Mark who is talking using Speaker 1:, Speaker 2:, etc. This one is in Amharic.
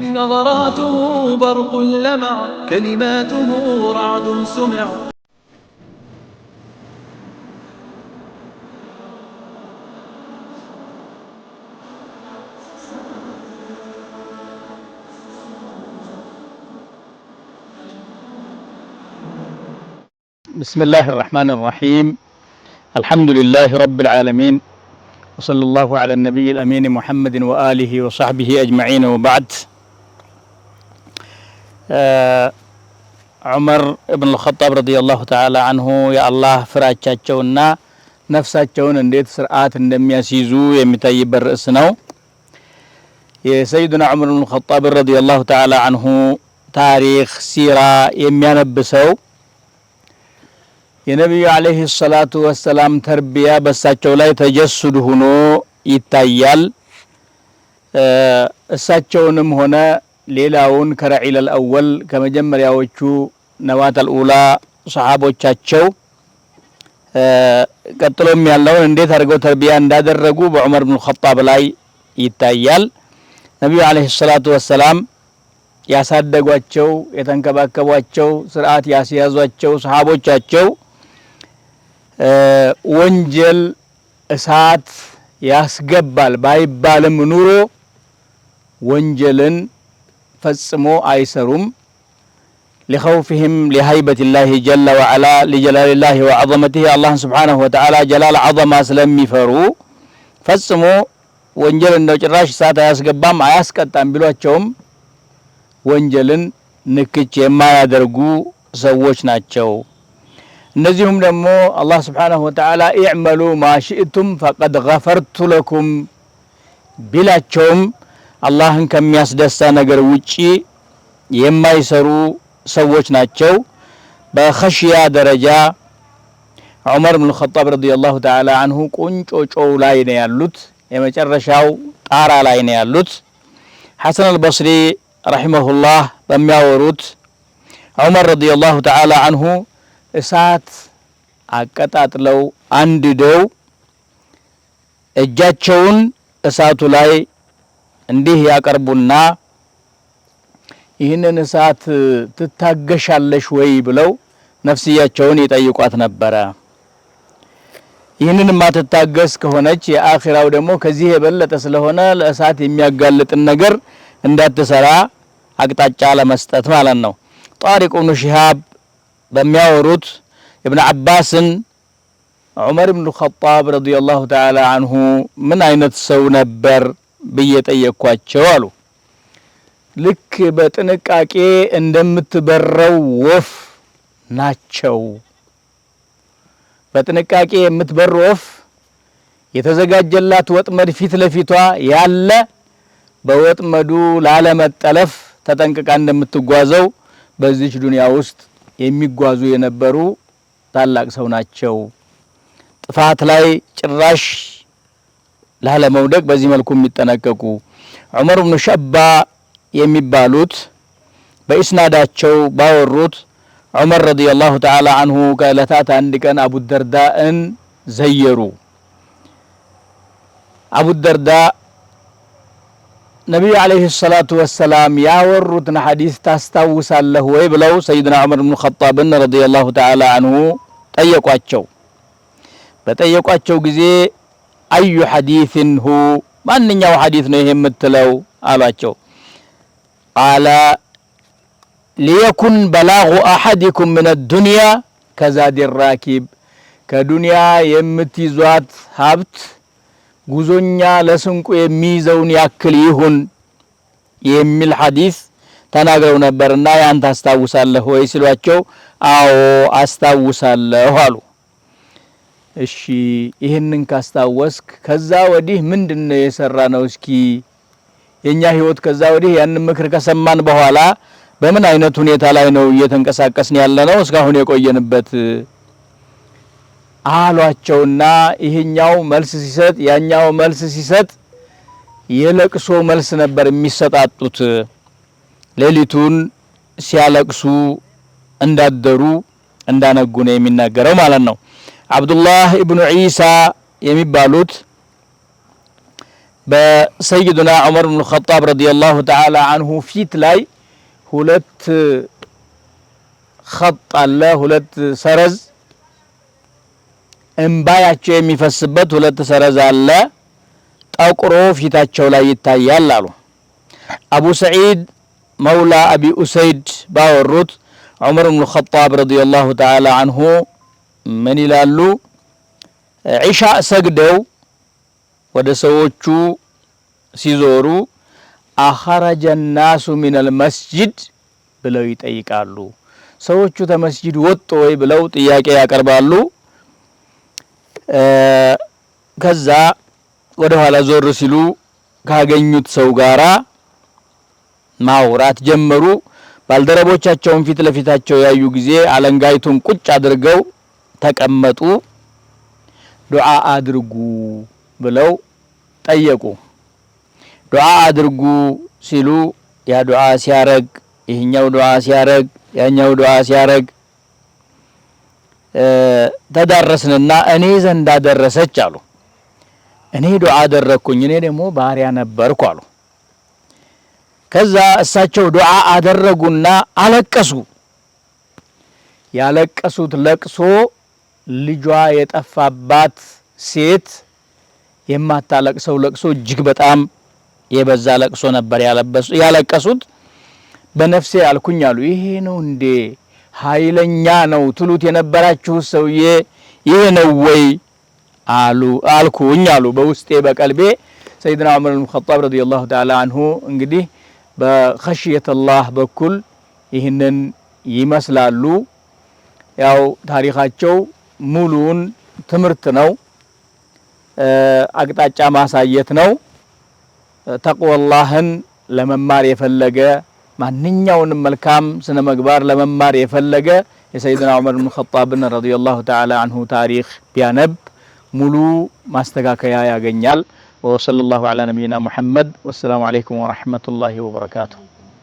Speaker 1: نظراته برق لمع كلماته رعد سمع
Speaker 2: بسم الله الرحمن الرحيم الحمد لله رب العالمين وصلى الله على النبي الأمين محمد وآله وصحبه أجمعين وبعد عمر بن الخطاب رضي الله تعالى عنه يا الله فراتشاتشونا ነፍሳቸውን እንዴት ስርዓት እንደሚያስይዙ يا سيدنا عمر بن الخطاب رضي الله تعالى عنه تاريخ سيرة ሲራ የሚያነብሰው የነቢዩ አለይሂ ሰላቱ ወሰላም ተርቢያ በእሳቸው ላይ ተጀሱድ ሆኖ ይታያል። እሳቸውንም ሆነ ሌላውን ከረዒለል አወል ከመጀመሪያዎቹ ነዋተል ኡላ ሰሓቦቻቸው ቀጥሎም ያለውን እንዴት አድርገው ተርቢያ እንዳደረጉ በዑመር ብን ኸጣብ ላይ ይታያል። ነቢዩ አለይሂ ሰላቱ ወሰላም ያሳደጓቸው የተንከባከቧቸው ስርዓት ያስያዟቸው ሰሓቦቻቸው ወንጀል እሳት ያስገባል ባይባልም ኑሮ ወንጀልን ፈጽሞ አይሰሩም። ሊኸውፊህም ሊሀይበቲላሂ ጀለ ወዐላ ሊጀላሊላሂ ወዐዘመቲሂ አላህን ስብሓነሁ ወተዓላ ጀላል ዐዘማ ስለሚፈሩ ፈጽሞ ወንጀል እንደው ጭራሽ እሳት አያስገባም አያስቀጣም ቢሏቸውም ወንጀልን ንክች የማያደርጉ ሰዎች ናቸው። እነዚሁም ደግሞ አላህ ስብሓነሁ ወተዓላ ኢዕመሉ ማሽእቱም ፈቀድ ገፈርቱ ለኩም ቢላቸውም አላህን ከሚያስደሳ ነገር ውጪ የማይሰሩ ሰዎች ናቸው። በኸሽያ ደረጃ ዑመር ብን ኸጣብ ረዲየላሁ ተዓላ አንሁ ቁንጮ ጮው ላይ ነው ያሉት፣ የመጨረሻው ጣራ ላይ ነው ያሉት። ሐሰን አልበስሪ ረሒመሁላህ በሚያወሩት ዑመር ረዲየላሁ ተዓላ አንሁ እሳት አቀጣጥለው አንድደው እጃቸውን እሳቱ ላይ እንዲህ ያቀርቡና ይህንን እሳት ትታገሻለሽ ወይ ብለው ነፍስያቸውን ይጠይቋት ነበረ። ይህንን ማትታገስ ከሆነች የአኺራው ደግሞ ከዚህ የበለጠ ስለሆነ ለእሳት የሚያጋልጥን ነገር እንዳትሰራ አቅጣጫ ለመስጠት ማለት ነው። ጣሪቅ ብኑ ሺሃብ በሚያወሩት ኢብን አባስን ዑመር ብኑ ኸጣብ ረዲየላሁ ተዓላ አንሁ ምን አይነት ሰው ነበር ብዬ ጠየቅኳቸው አሉ። ልክ በጥንቃቄ እንደምትበረው ወፍ ናቸው። በጥንቃቄ የምትበር ወፍ የተዘጋጀላት ወጥመድ ፊት ለፊቷ ያለ በወጥመዱ ላለመጠለፍ ተጠንቅቃ እንደምትጓዘው በዚች ዱንያ ውስጥ የሚጓዙ የነበሩ ታላቅ ሰው ናቸው። ጥፋት ላይ ጭራሽ ላለመውደቅ በዚህ መልኩ የሚጠነቀቁ ዑመር ብኑ ሸባ የሚባሉት በኢስናዳቸው ባወሩት ዑመር ረዲየላሁ ተዓላ አንሁ ከእለታት አንድ ቀን አቡደርዳእን ዘየሩ። አቡደርዳ ነቢዩ ዓለይሂ ሰላቱ ወሰላም ያወሩትን ሐዲስ ታስታውሳለህ ወይ ብለው ሰይድና ዑመር ብኑ ኸጣብን ረዲየላሁ ተዓላ አንሁ ጠየቋቸው። በጠየቋቸው ጊዜ አዩ ሐዲትን ሁ ማንኛው ሐዲት ነው ይሄ የምትለው አሏቸው። ቃለ ሊየኩን በላጉ አሐድኩም ምን ዱንያ ከዛዲ ራኪብ ከዱንያ የምትይዟት ሀብት ጉዞኛ ለስንቁ የሚይዘውን ያክል ይሁን የሚል ሐዲስ ተናግረው ነበርና ያን ታስታውሳለህ ወይ ሲሏቸው፣ አዎ አስታውሳለሁ አሉ። እሺ ይህንን ካስታወስክ ከዛ ወዲህ ምንድን ነው የሰራ ነው? እስኪ የኛ ህይወት ከዛ ወዲህ ያንን ምክር ከሰማን በኋላ በምን አይነት ሁኔታ ላይ ነው እየተንቀሳቀስን ያለ ነው? እስካሁን የቆየንበት አሏቸውና ይህኛው መልስ ሲሰጥ ያኛው መልስ ሲሰጥ የለቅሶ መልስ ነበር የሚሰጣጡት። ሌሊቱን ሲያለቅሱ እንዳደሩ እንዳነጉ ነው የሚናገረው ማለት ነው። አብዱላህ ኢብኑ ዒሳ የሚባሉት በሰይዱና ዑመር ብኑ ኸጣብ ረዲየላሁ ተዓላ አንሁ ፊት ላይ ሁለት ኸጥ አለ፣ ሁለት ሰረዝ እምባያቸው የሚፈስበት ሁለት ሰረዝ አለ፣ ጠቁሮ ፊታቸው ላይ ይታያል አሉ። አቡ ሰዒድ መውላ አቢ ኡሰይድ ባወሩት ዑመር ብኑ ኸጣብ ረዲየላሁ ተዓላ አንሁ ምን ይላሉ? ዒሻ ሰግደው ወደ ሰዎቹ ሲዞሩ አኸረጀ ናሱ ሚነል መስጂድ ብለው ይጠይቃሉ። ሰዎቹ ተመስጂድ ወጡ ወይ ብለው ጥያቄ ያቀርባሉ። ከዛ ወደ ኋላ ዞር ሲሉ ካገኙት ሰው ጋራ ማውራት ጀመሩ። ባልደረቦቻቸውን ፊት ለፊታቸው ያዩ ጊዜ አለንጋይቱን ቁጭ አድርገው ተቀመጡ። ዱዓ አድርጉ ብለው ጠየቁ። ዱዓ አድርጉ ሲሉ ያ ዱዓ ሲያረግ ይህኛው ዱዓ ሲያረግ ያኛው ዱዓ ሲያረግ ተዳረስንና እኔ ዘንድ አደረሰች አሉ። እኔ ዱዓ አደረግኩኝ፣ እኔ ደግሞ ባሪያ ነበርኩ አሉ። ከዛ እሳቸው ዱዓ አደረጉና አለቀሱ። ያለቀሱት ለቅሶ ልጇ የጠፋባት ሴት የማታለቅሰው ለቅሶ እጅግ በጣም የበዛ ለቅሶ ነበር ያለበሱ ያለቀሱት። በነፍሴ አልኩኝ አሉ ይሄ ነው እንዴ ኃይለኛ ነው ትሉት የነበራችሁ ሰውዬ ይህ ነው ወይ አሉ አልኩኝ አሉ በውስጤ በቀልቤ ሰይድና ዑመር ኢብኑል ረዲየላሁ ተዓላ አንሁ። እንግዲህ በኸሽየተላህ በኩል ይህንን ይመስላሉ። ያው ታሪካቸው ሙሉውን ትምህርት ነው፣ አቅጣጫ ማሳየት ነው። ተቅወላህን ለመማር የፈለገ ማንኛውንም መልካም ስነ ምግባር ለመማር የፈለገ የሰይድና ዑመር ብን ኸጣብን ረዲየላሁ ተዓላ አንሁ ታሪክ ቢያነብ ሙሉ ማስተካከያ ያገኛል። ወሰለላሁ ዓላ ነቢይና ሙሐመድ ወሰላሙ ዐለይኩም ወረሕመቱላሂ ወበረካቱሁ።